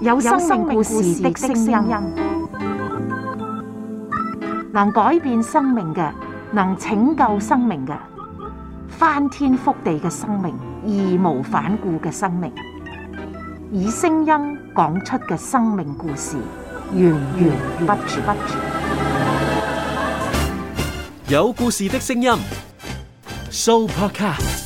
有生命故事的聲音，能改變生命嘅，能拯救生命嘅，翻天覆地嘅生命，義無反顧嘅生命，以聲音講出嘅生命故事，源源不絕。有故事的聲音，Sooopodcast。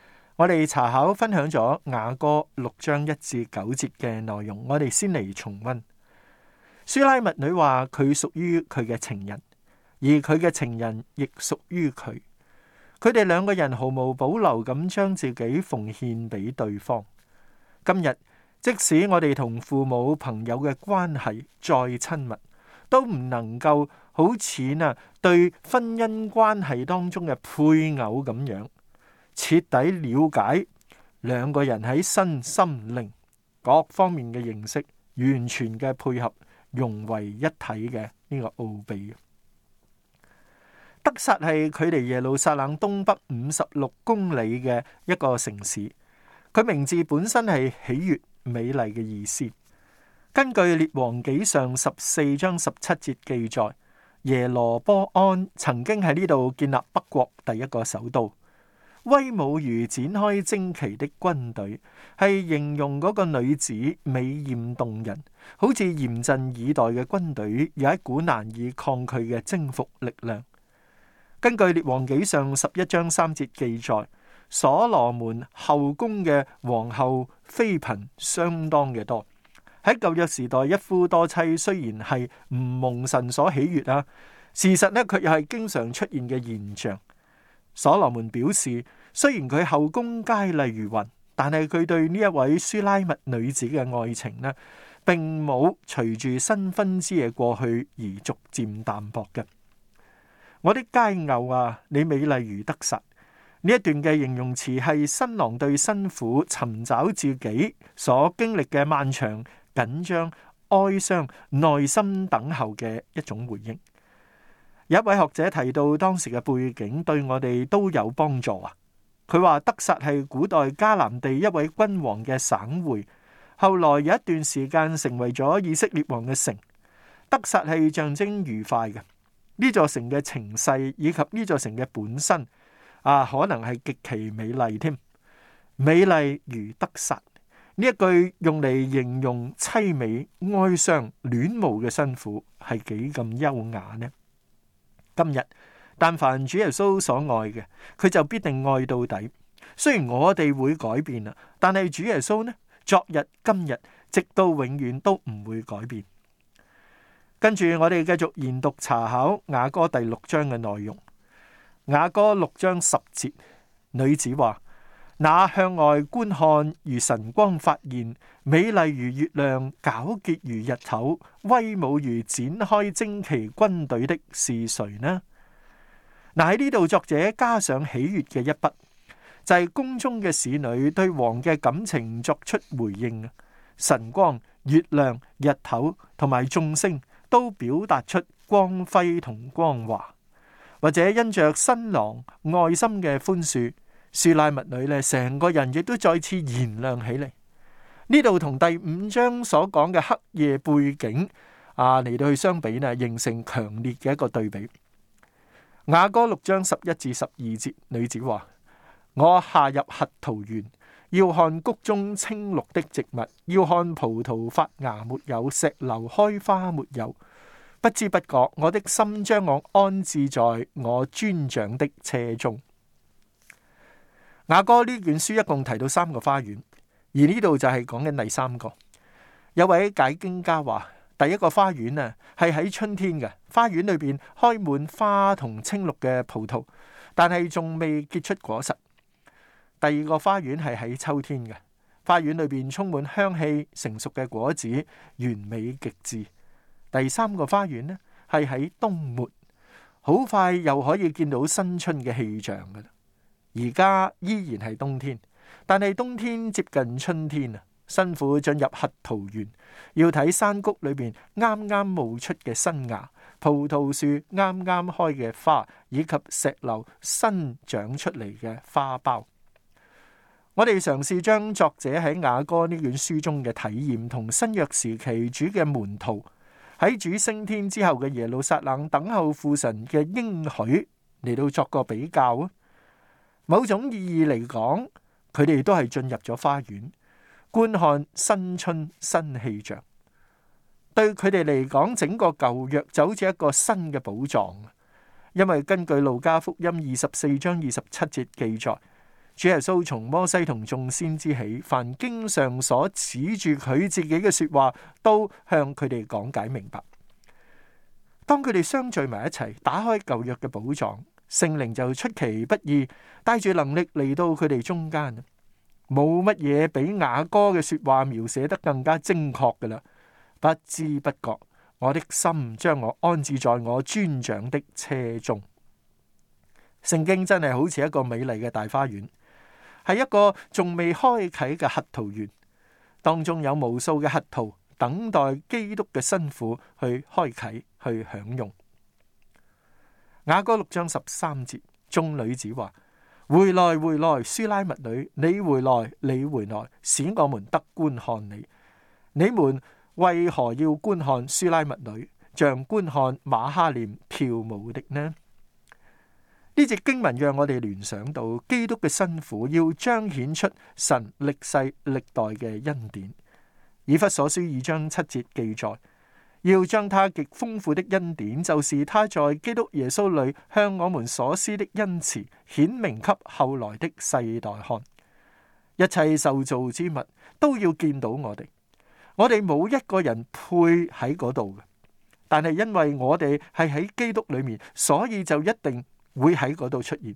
我哋查考分享咗雅歌六章一至九節嘅內容，我哋先嚟重溫。舒拉密女話佢屬於佢嘅情人，而佢嘅情人亦屬於佢。佢哋兩個人毫無保留咁將自己奉獻俾對方。今日即使我哋同父母、朋友嘅關係再親密，都唔能夠好似啊對婚姻關係當中嘅配偶咁樣。徹底了解兩個人喺身心靈各方面嘅認識，完全嘅配合，融為一體嘅呢個奧秘。德薩係距離耶路撒冷東北五十六公里嘅一個城市，佢名字本身係喜悅美麗嘅意思。根據《列王記上》十四章十七節記載，耶羅波安曾經喺呢度建立北國第一個首都。威武如展開旌旗的軍隊，係形容嗰個女子美艷動人，好似嚴陣以待嘅軍隊，有一股難以抗拒嘅征服力量。根據《列王記》上十一章三節記載，所羅門後宮嘅皇后妃嬪相當嘅多。喺舊約時代，一夫多妻雖然係唔蒙神所喜悅啊，事實呢，佢又係經常出現嘅現象。所羅門表示，雖然佢後宮佳麗如雲，但係佢對呢一位舒拉密女子嘅愛情呢，並冇隨住新婚之夜過去而逐漸淡薄嘅。我的佳偶啊，你美麗如得實，呢一段嘅形容詞係新郎對新婦尋找自己所經歷嘅漫長、緊張、哀傷、耐心等候嘅一種回應。一位學者提到當時嘅背景，對我哋都有幫助啊。佢話得撒係古代迦南地一位君王嘅省會，後來有一段時間成為咗以色列王嘅城。得撒係象徵愉快嘅，呢座城嘅情勢，以及呢座城嘅本身啊，可能係極其美麗添。美麗如得撒呢一句用嚟形容凄美、哀傷、戀慕嘅辛苦，係幾咁優雅呢？今日，但凡主耶穌所愛嘅，佢就必定愛到底。雖然我哋會改變啦，但係主耶穌呢，昨日、今日，直到永遠都唔會改變。跟住我哋繼續研讀查考雅歌第六章嘅內容。雅歌六章十節，女子話。那向外觀看，如晨光發現，美麗如月亮，皎潔如日頭，威武如展開旌旗軍隊的是誰呢？嗱喺呢度，作者加上喜悅嘅一筆，就係、是、宮中嘅使女對王嘅感情作出回應。晨光、月亮、日頭同埋眾星都表達出光輝同光華，或者因着新郎愛心嘅寬恕。書拉密女呢，成個人亦都再次燃亮起嚟。呢度同第五章所講嘅黑夜背景，啊嚟到去相比呢，形成強烈嘅一個對比。雅歌六章十一至十二節，女子話：我下入核桃園，要看谷中青綠的植物，要看葡萄發芽沒有，石榴開花沒有。不知不覺，我的心將我安置在我尊長的車中。雅歌呢卷書一共提到三個花園，而呢度就係講緊第三個。有位解經家話，第一個花園啊，係喺春天嘅花園裏邊開滿花同青綠嘅葡萄，但係仲未結出果實。第二個花園係喺秋天嘅花園裏邊，充滿香氣成熟嘅果子，完美極致。第三個花園呢係喺冬末，好快又可以見到新春嘅氣象噶啦。而家依然係冬天，但係冬天接近春天啊。辛苦進入核桃園，要睇山谷裏邊啱啱冒出嘅新芽、葡萄樹啱啱開嘅花，以及石榴新長出嚟嘅花苞。我哋嘗試將作者喺雅歌呢卷書中嘅體驗，同新約時期主嘅門徒喺主升天之後嘅耶路撒冷等候父神嘅應許嚟到作個比較啊。某種意義嚟講，佢哋都係進入咗花園，觀看新春新氣象。對佢哋嚟講，整個舊約就好似一個新嘅寶藏。因為根據路加福音二十四章二十七節記載，主耶穌從摩西同眾先知起，凡經上所指住佢自己嘅說話，都向佢哋講解明白。當佢哋相聚埋一齊，打開舊約嘅寶藏。聖靈就出其不意，帶住能力嚟到佢哋中間，冇乜嘢比雅歌嘅說話描寫得更加精確㗎喇。不知不覺，我的心將我安置在我尊長的車中。聖經真係好似一個美麗嘅大花園，係一個仲未開啟嘅核桃園，當中有無數嘅核桃等待基督嘅辛苦去開啟去享用。雅歌六章十三節，眾女子話：回來回來，書拉密女，你回來，你回來，使我們得觀看你。你們為何要觀看書拉密女，像觀看瑪哈念跳舞的呢？呢節經文讓我哋聯想到基督嘅辛苦，要彰顯出神歷世歷代嘅恩典。以弗所書二章七節記載。要將他極豐富的恩典，就是他在基督耶穌裏向我們所施的恩慈，顯明給後來的世代看。一切受造之物都要見到我哋。我哋冇一個人配喺嗰度嘅，但係因為我哋係喺基督裏面，所以就一定會喺嗰度出現。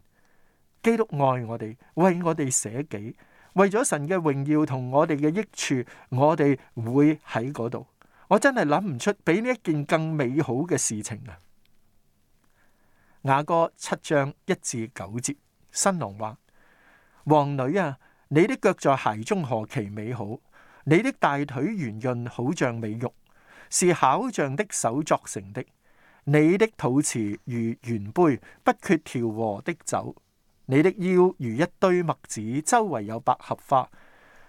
基督愛我哋，為我哋捨己，為咗神嘅榮耀同我哋嘅益處，我哋會喺嗰度。我真係諗唔出比呢一件更美好嘅事情啊！雅歌七章一至九節，新郎話：王女啊，你的腳在鞋中何其美好，你的大腿圓潤好像美玉，是巧匠的手作成的；你的肚臍如圓杯，不缺調和的酒；你的腰如一堆麥子，周圍有百合花。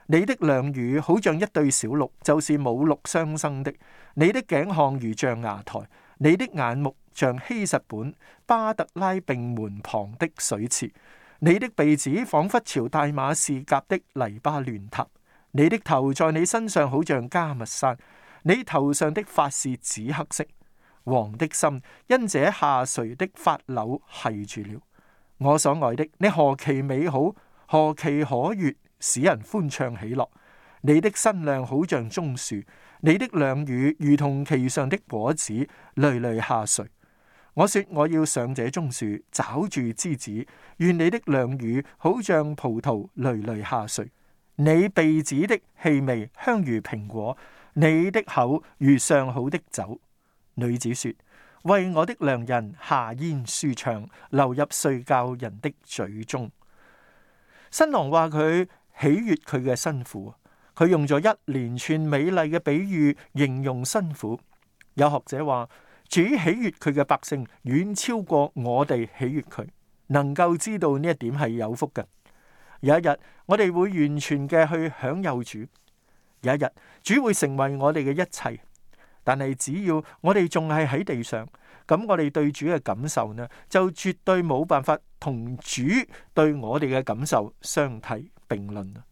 你的兩乳好像一對小鹿，就是母鹿相生的。你的頸項如象牙台，你的眼目像希實本巴特拉並門旁的水池。你的鼻子仿佛朝大馬士革的黎巴嫩塔。你的頭在你身上好像加密山，你頭上的髮是紫黑色，王的心因這下垂的髮綹繫住了。我所愛的，你何其美好，何其可悅！使人歡暢喜樂，你的身量好像棕樹，你的兩乳如同其上的果子，累累下垂。我說我要上這棕樹，抓住枝子，願你的兩乳好像葡萄，累累下垂。你鼻子的氣味香如蘋果，你的口如上好的酒。女子說：為我的良人下咽舒暢，流入睡覺人的嘴中。新郎話佢。喜悦佢嘅新婦，佢用咗一連串美麗嘅比喻形容新婦。有學者話，主喜悦佢嘅百姓遠超過我哋喜悦佢，能夠知道呢一點係有福嘅。有一日我哋會完全嘅去享有主，有一日主會成為我哋嘅一切。但係只要我哋仲係喺地上，咁我哋對主嘅感受呢，就絕對冇辦法同主對我哋嘅感受相睇並論啊！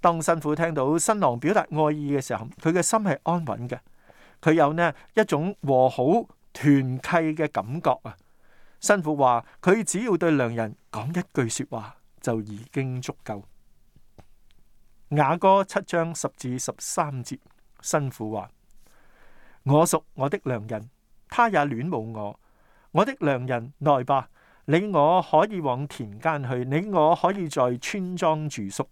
當新婦聽到新郎表達愛意嘅時候，佢嘅心係安穩嘅，佢有呢一種和好團契嘅感覺啊！新婦話：佢只要對良人講一句說話就已經足夠。雅歌七章十至十三節，新婦話：我屬我的良人，他也戀慕我，我的良人來吧。你我可以往田間去，你我可以在村莊住宿。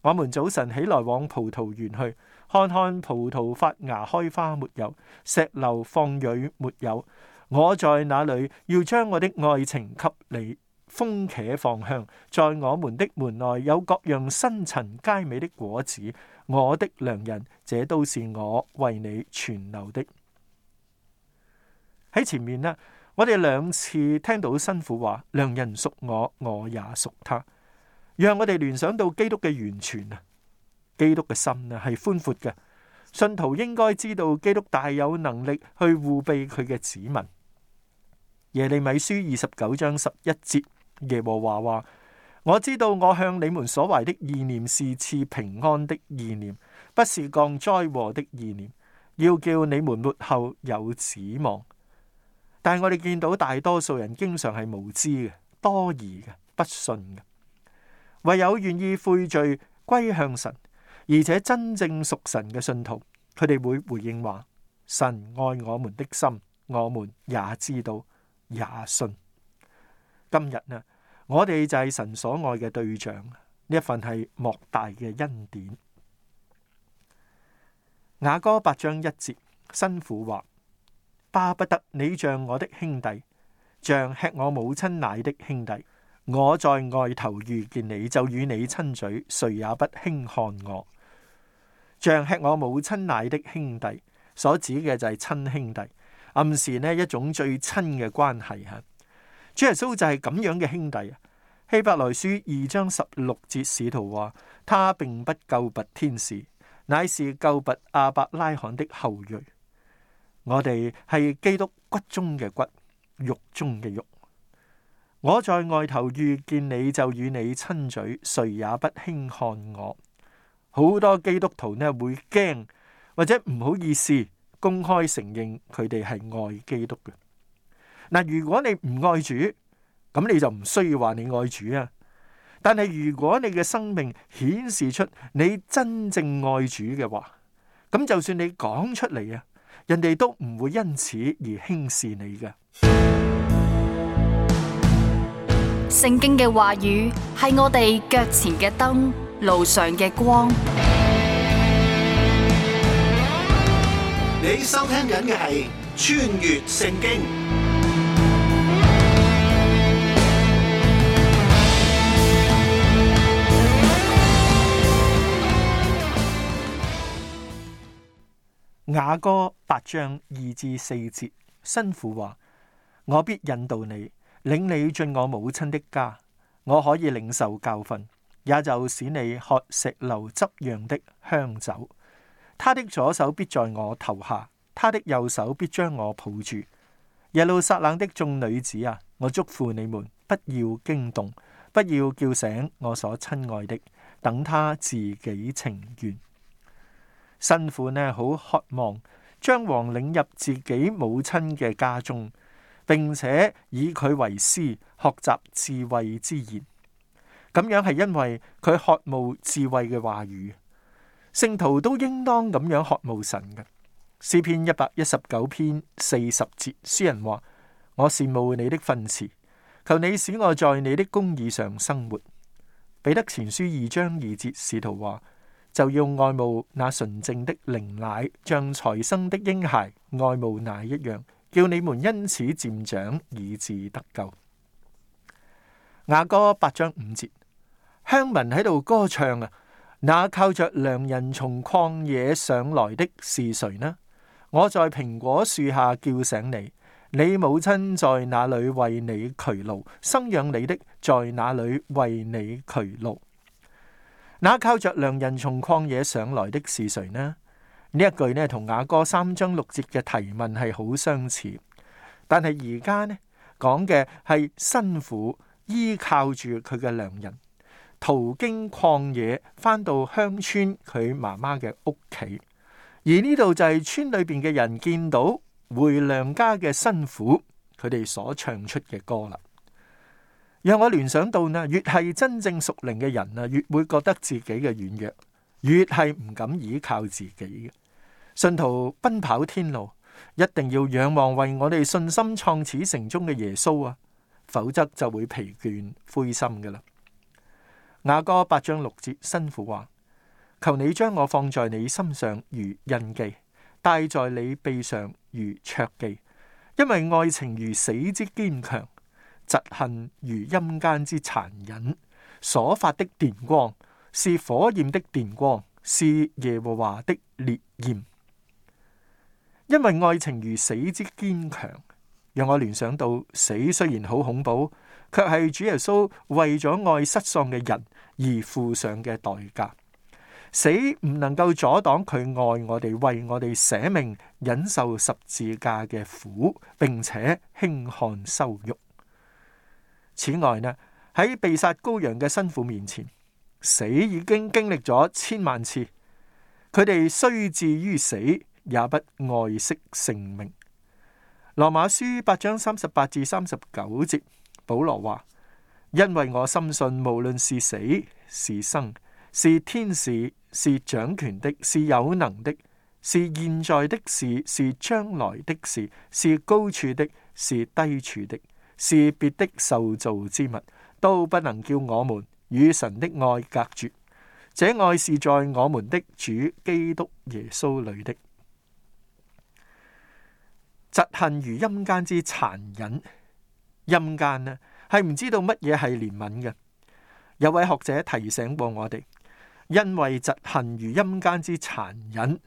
我們早晨起來往葡萄園去，看看葡萄發芽開花沒有，石榴放蕊沒有。我在那裏要將我的愛情給你，風茄放香。在我們的門內有各樣新陳佳美的果子，我的良人，這都是我為你存留的。喺前面呢。我哋兩次聽到新婦話：良人屬我，我也屬他，讓我哋聯想到基督嘅完全啊！基督嘅心呢係寬闊嘅，信徒應該知道基督大有能力去護庇佢嘅子民。耶利米書二十九章十一節，耶和華話：我知道我向你們所懷的意念是賜平安的意念，不是降災禍的意念，要叫你們末後有指望。但係我哋見到大多數人經常係無知嘅、多疑嘅、不信嘅。唯有願意悔罪、歸向神，而且真正屬神嘅信徒，佢哋會回應話：神愛我們的心，我們也知道，也信。今日呢，我哋就係神所愛嘅對象，呢一份係莫大嘅恩典。雅歌八章一節，新婦話。巴不得你像我的兄弟，像吃我母親奶的兄弟。我在外頭遇見你就與你親嘴，誰也不輕看我。像吃我母親奶的兄弟，所指嘅就係親兄弟，暗示呢一種最親嘅關係吓。主耶穌就係咁樣嘅兄弟。希伯來書二章十六節，使徒話：他並不救拔天使，乃是救拔亞伯拉罕的後裔。我哋係基督骨中嘅骨，肉中嘅肉。我在外頭遇見你就與你親嘴，誰也不輕看我。好多基督徒呢，會驚，或者唔好意思，公開承認佢哋係愛基督嘅嗱。如果你唔愛主，咁你就唔需要話你愛主啊。但係如果你嘅生命顯示出你真正愛主嘅話，咁就算你講出嚟啊，人哋都唔會因此而輕視你嘅。聖經嘅話語係我哋腳前嘅燈，路上嘅光。你收聽緊嘅係《穿越聖經》。雅歌八章二至四節，新婦話：我必引導你，領你進我母親的家，我可以領受教訓，也就使你喝石榴汁釀的香酒。他的左手必在我頭下，他的右手必將我抱住。耶路撒冷的眾女子啊，我囑咐你們，不要驚動，不要叫醒我所親愛的，等他自己情願。新婦呢，好渴望將王領入自己母親嘅家中，並且以佢為師，學習智慧之言。咁樣係因為佢渴慕智慧嘅話語。聖徒都應當咁樣渴慕神嘅。詩篇一百一十九篇四十節，詩人話：我羨慕你的訓詞，求你使我，在你的公義上生活。彼得前書二章二節使徒，使徒話。就要愛慕那純正的靈奶，像才生的嬰孩愛慕奶一樣，叫你們因此漸長，以致得救。雅歌八章五節，鄉民喺度歌唱啊！那靠着良人從曠野上來的，是誰呢？我在蘋果樹下叫醒你，你母親在哪裏為你劬勞？生養你的在哪裏為你劬勞？那靠着良人從曠野上來的是誰呢？呢一句呢，同雅歌三章六節嘅提問係好相似，但係而家呢，講嘅係新婦依靠住佢嘅良人，途經曠野翻到鄉村佢媽媽嘅屋企，而呢度就係村裏邊嘅人見到回娘家嘅新婦，佢哋所唱出嘅歌啦。讓我聯想到呢，越係真正屬靈嘅人啊，越會覺得自己嘅軟弱，越係唔敢倚靠自己嘅。信徒奔跑天路，一定要仰望為我哋信心創始成終嘅耶穌啊，否則就會疲倦灰心㗎喇。雅歌八章六節，新婦話：求你將我放在你心上如印記，戴在你臂上如戳記，因為愛情如死之堅強。嫉恨如陰間之殘忍，所發的電光是火焰的電光，是耶和華的烈焰。因為愛情如死之堅強，讓我聯想到死雖然好恐怖，却係主耶穌為咗愛失喪嘅人而付上嘅代價。死唔能夠阻擋佢愛我哋，為我哋捨命忍受十字架嘅苦，並且輕看羞辱。此外呢，喺被殺羔羊嘅辛苦面前，死已經經歷咗千萬次，佢哋雖至於死，也不愛惜性命。羅馬書八章三十八至三十九節，保羅話：因為我深信，無論是死是生，是天使，是掌權的，是有能的，是現在的事，是將來的事，是高處的，是低處的。是別的受造之物都不能叫我們與神的愛隔絕。這愛是在我們的主基督耶穌裏的。疾恨如陰間之殘忍，陰間呢係唔知道乜嘢係憐憫嘅。有位學者提醒過我哋，因為疾恨如陰間之殘忍，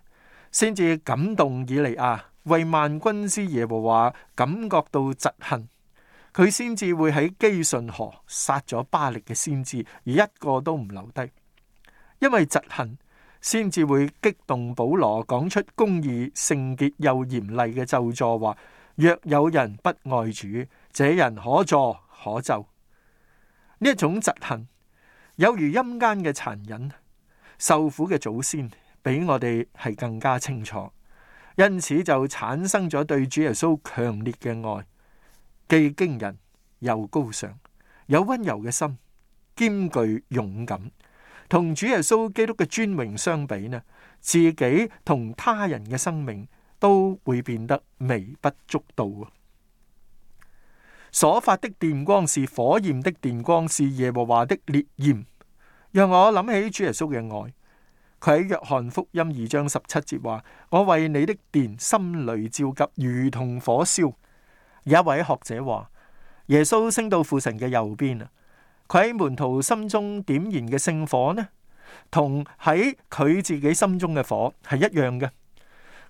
先至感動以利亞啊，為萬軍之耶和華感覺到疾恨。佢先至會喺基順河殺咗巴力嘅先知，而一個都唔留低。因為嫉恨，先至會激動保羅講出公義、聖潔又嚴厲嘅咒詛，話：若有人不愛主，這人可詛可咒」。呢一種嫉恨，有如陰間嘅殘忍。受苦嘅祖先比我哋係更加清楚，因此就產生咗對主耶穌強烈嘅愛。既驚人又高尚，有溫柔嘅心，兼具勇敢。同主耶穌基督嘅尊榮相比啊，自己同他人嘅生命都會變得微不足道。所發的電光是火焰的電光，是耶和華的烈焰。讓我諗起主耶穌嘅愛。佢喺約翰福音二章十七節話：我為你的殿心裡焦急，如同火燒。有一位學者話：耶穌升到父神嘅右邊啊，佢喺門徒心中點燃嘅聖火呢，同喺佢自己心中嘅火係一樣嘅。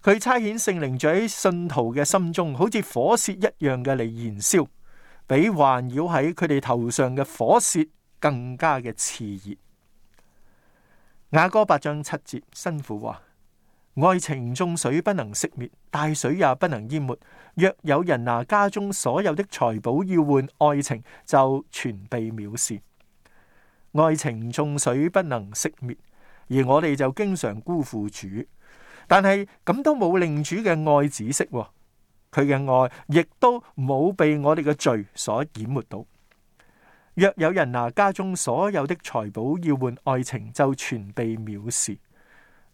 佢差遣聖靈住喺信徒嘅心中，好似火舌一樣嘅嚟燃燒，比環繞喺佢哋頭上嘅火舌更加嘅熾熱。雅歌八章七節，新婦話：愛情中水不能熄滅，大水也不能淹沒。若有人拿、啊、家中所有的財寶要換愛情，就全被藐視。愛情眾水不能熄滅，而我哋就經常辜負主，但係咁都冇令主嘅愛止息，佢、哦、嘅愛亦都冇被我哋嘅罪所淹沒到。若有人拿、啊、家中所有的財寶要換愛情，就全被藐視。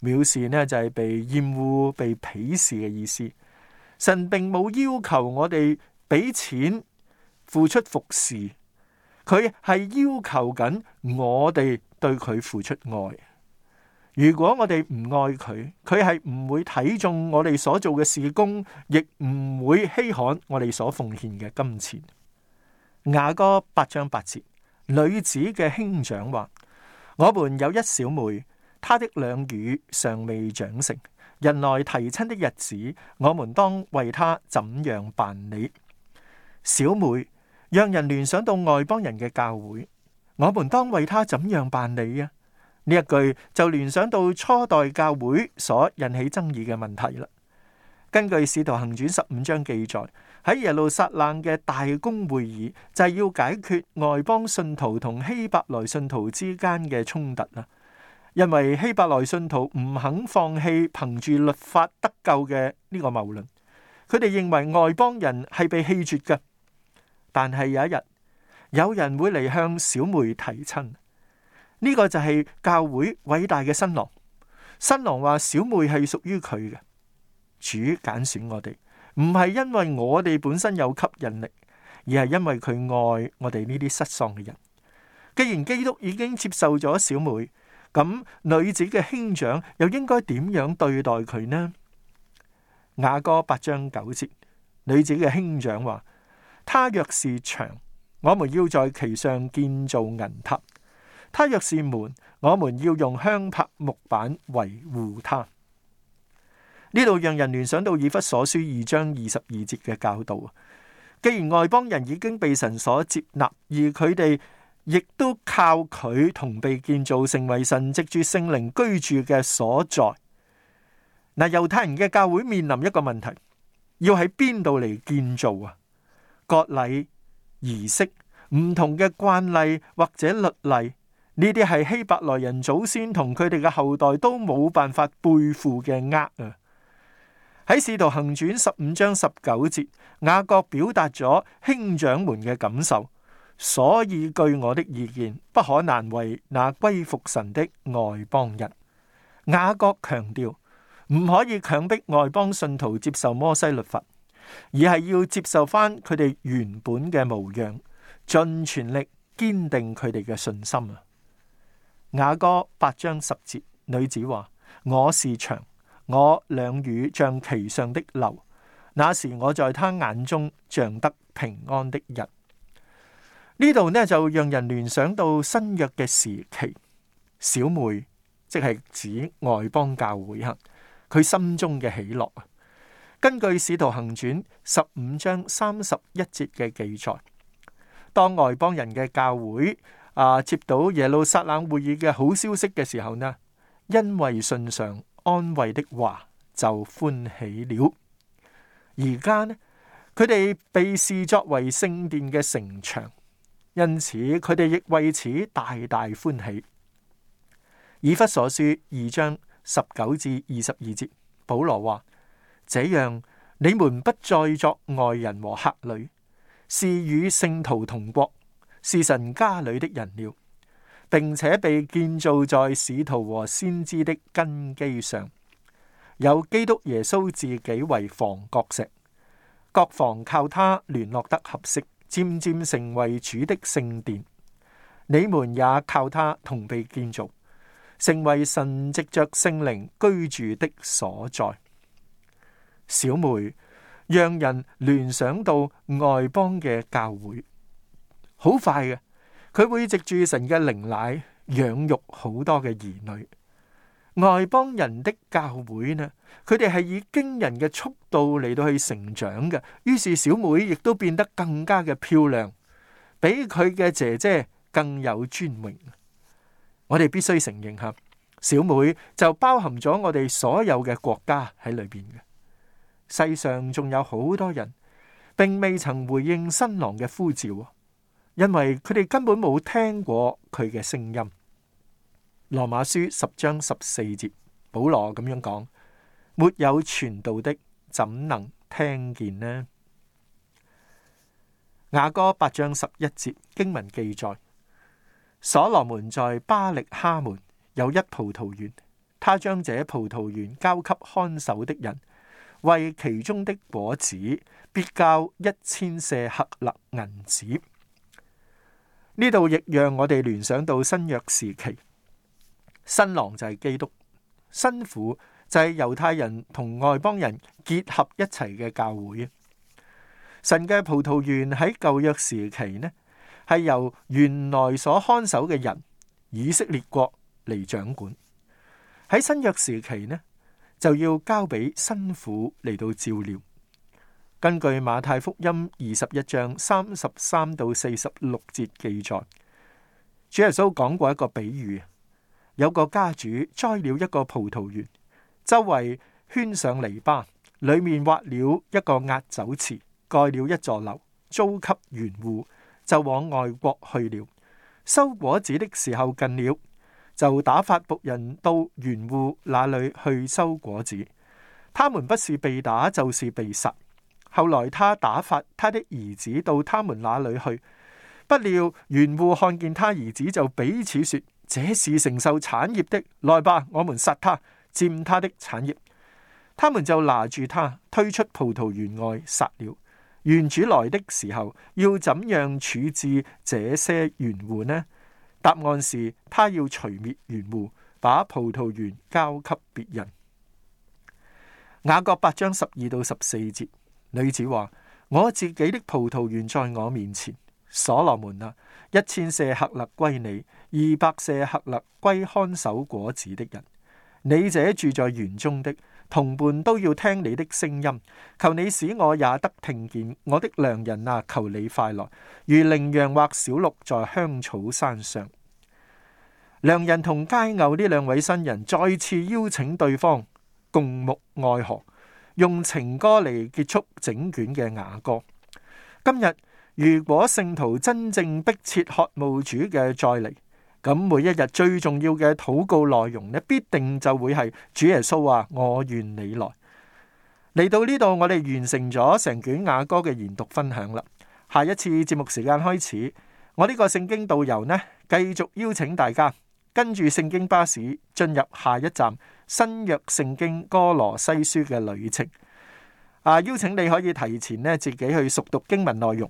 藐視呢就係、是、被厭惡、被鄙視嘅意思。神並冇要求我哋俾錢付出服侍，佢係要求緊我哋對佢付出愛。如果我哋唔愛佢，佢係唔會睇中我哋所做嘅事工，亦唔會稀罕我哋所奉獻嘅金錢。雅歌八章八節，女子嘅兄長話，我們有一小妹，她的兩乳尚未長成。人來提親的日子，我們當為他怎樣辦理？小妹，讓人聯想到外邦人嘅教會，我們當為他怎樣辦理啊？呢一句就聯想到初代教會所引起爭議嘅問題啦。根據《使徒行傳》十五章記載，喺耶路撒冷嘅大公會議就係、是、要解決外邦信徒同希伯來信徒之間嘅衝突啊。因為希伯來信徒唔肯放棄憑住律法得救嘅呢個謬論。佢哋認為外邦人係被棄絕嘅。但係有一日，有人會嚟向小妹提親，呢個就係教會偉大嘅新郎。新郎話：小妹係屬於佢嘅，主揀選我哋，唔係因為我哋本身有吸引力，而係因為佢愛我哋呢啲失喪嘅人。既然基督已經接受咗小妹。咁女子嘅兄長又應該點樣對待佢呢？雅歌八章九節，女子嘅兄長話：他若是牆，我們要在其上建造銀塔；他若是門，我們要用香柏木板維護他。呢度讓人聯想到以弗所書二章二十二節嘅教導。既然外邦人已經被神所接納，而佢哋。亦都靠佢同被建造成為神藉住聖靈居住嘅所在。嗱，猶太人嘅教會面臨一個問題，要喺邊度嚟建造啊？割禮、儀式、唔同嘅慣例或者律例，呢啲係希伯來人祖先同佢哋嘅後代都冇辦法背負嘅軛啊！喺使徒行傳十五章十九節，雅各表達咗兄長們嘅感受。所以，據我的意見，不可難為那歸服神的外邦人。雅各強調，唔可以強迫外邦信徒接受摩西律法，而係要接受翻佢哋原本嘅模樣，盡全力堅定佢哋嘅信心啊！雅歌八章十節，女子話：我是牆，我兩乳像其上的樓，那時我在他眼中像得平安的人。呢度呢就讓人聯想到新約嘅時期，小妹即係指外邦教會啊，佢心中嘅喜樂根據《使徒行傳》十五章三十一節嘅記載，當外邦人嘅教會啊接到耶路撒冷會議嘅好消息嘅時候呢，因為信上安慰的話就歡喜了。而家呢，佢哋被視作為聖殿嘅城牆。因此，佢哋亦為此大大歡喜。以弗所書二章十九至二十二節，保羅話：這樣你們不再作外人和客旅，是與聖徒同國，是神家裏的人了，並且被建造在使徒和先知的根基上，有基督耶穌自己為房角石，各房靠他聯絡得合適。漸漸成為主的聖殿，你們也靠他同被建造，成為神藉着聖靈居住的所在。小梅讓人聯想到外邦嘅教會，好快嘅，佢會藉着神嘅靈奶養育好多嘅兒女。外邦人的教會呢？佢哋係以驚人嘅速度嚟到去成長嘅，於是小妹亦都變得更加嘅漂亮，比佢嘅姐姐更有尊榮。我哋必須承認下，小妹就包含咗我哋所有嘅國家喺裏邊嘅。世上仲有好多人，並未曾回應新郎嘅呼召，因為佢哋根本冇聽過佢嘅聲音。羅馬書十章十四節，保羅咁樣講：沒有傳道的，怎能聽見呢？雅歌八章十一節經文記載：所羅門在巴力哈門有一葡萄園，他將這葡萄園交給看守的人，為其中的果子，必交一千舍客勒銀子。呢度亦讓我哋聯想到新約時期。新郎就係基督，新婦就係猶太人同外邦人結合一齊嘅教會。神嘅葡萄園喺舊約時期呢，係由原來所看守嘅人以色列國嚟掌管；喺新約時期呢，就要交俾新婦嚟到照料。根據馬太福音二十一章三十三到四十六節記載，主耶穌講過一個比喻。有個家主栽了一個葡萄園，周圍圈上籬笆，裏面挖了一個壓酒池，蓋了一座樓，租給園戶，就往外國去了。收果子的時候近了，就打發僕人到園戶那裏去收果子。他們不是被打，就是被殺。後來他打發他的兒子到他們那裏去，不料園戶看見他兒子就彼此說。這是承受產業的，來吧，我們殺他，占他的產業。他們就拿住他，推出葡萄園外，殺了。原主來的時候，要怎樣處置這些園戶呢？答案是，他要除滅園戶，把葡萄園交給別人。雅歌八章十二到十四節，女子話：我自己的葡萄園在我面前。所羅門啊，一千舍客勒歸你，二百舍客勒歸看守果子的人。你這住在園中的同伴都要聽你的聲音，求你使我也得聽見。我的良人啊，求你快來，如羚羊或小鹿在香草山上。良人同佳偶呢兩位新人再次邀請對方共沐愛河，用情歌嚟結束整卷嘅雅歌。今日。如果聖徒真正迫切渴慕主嘅再嚟，咁每一日最重要嘅禱告內容呢，必定就會係主耶穌話、啊：我願你來。嚟到呢度，我哋完成咗成卷雅歌嘅研讀分享啦。下一次節目時間開始，我呢個聖經導遊呢，繼續邀請大家跟住聖經巴士進入下一站新約聖經歌羅西書嘅旅程。啊，邀請你可以提前呢自己去熟讀經文內容。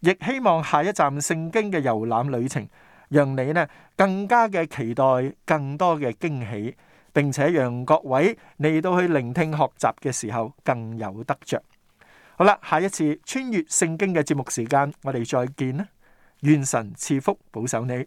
亦希望下一站聖經嘅遊覽旅程，讓你呢更加嘅期待更多嘅驚喜，並且讓各位嚟到去聆聽學習嘅時候更有得着。好啦，下一次穿越聖經嘅節目時間，我哋再見啦！願神賜福保守你。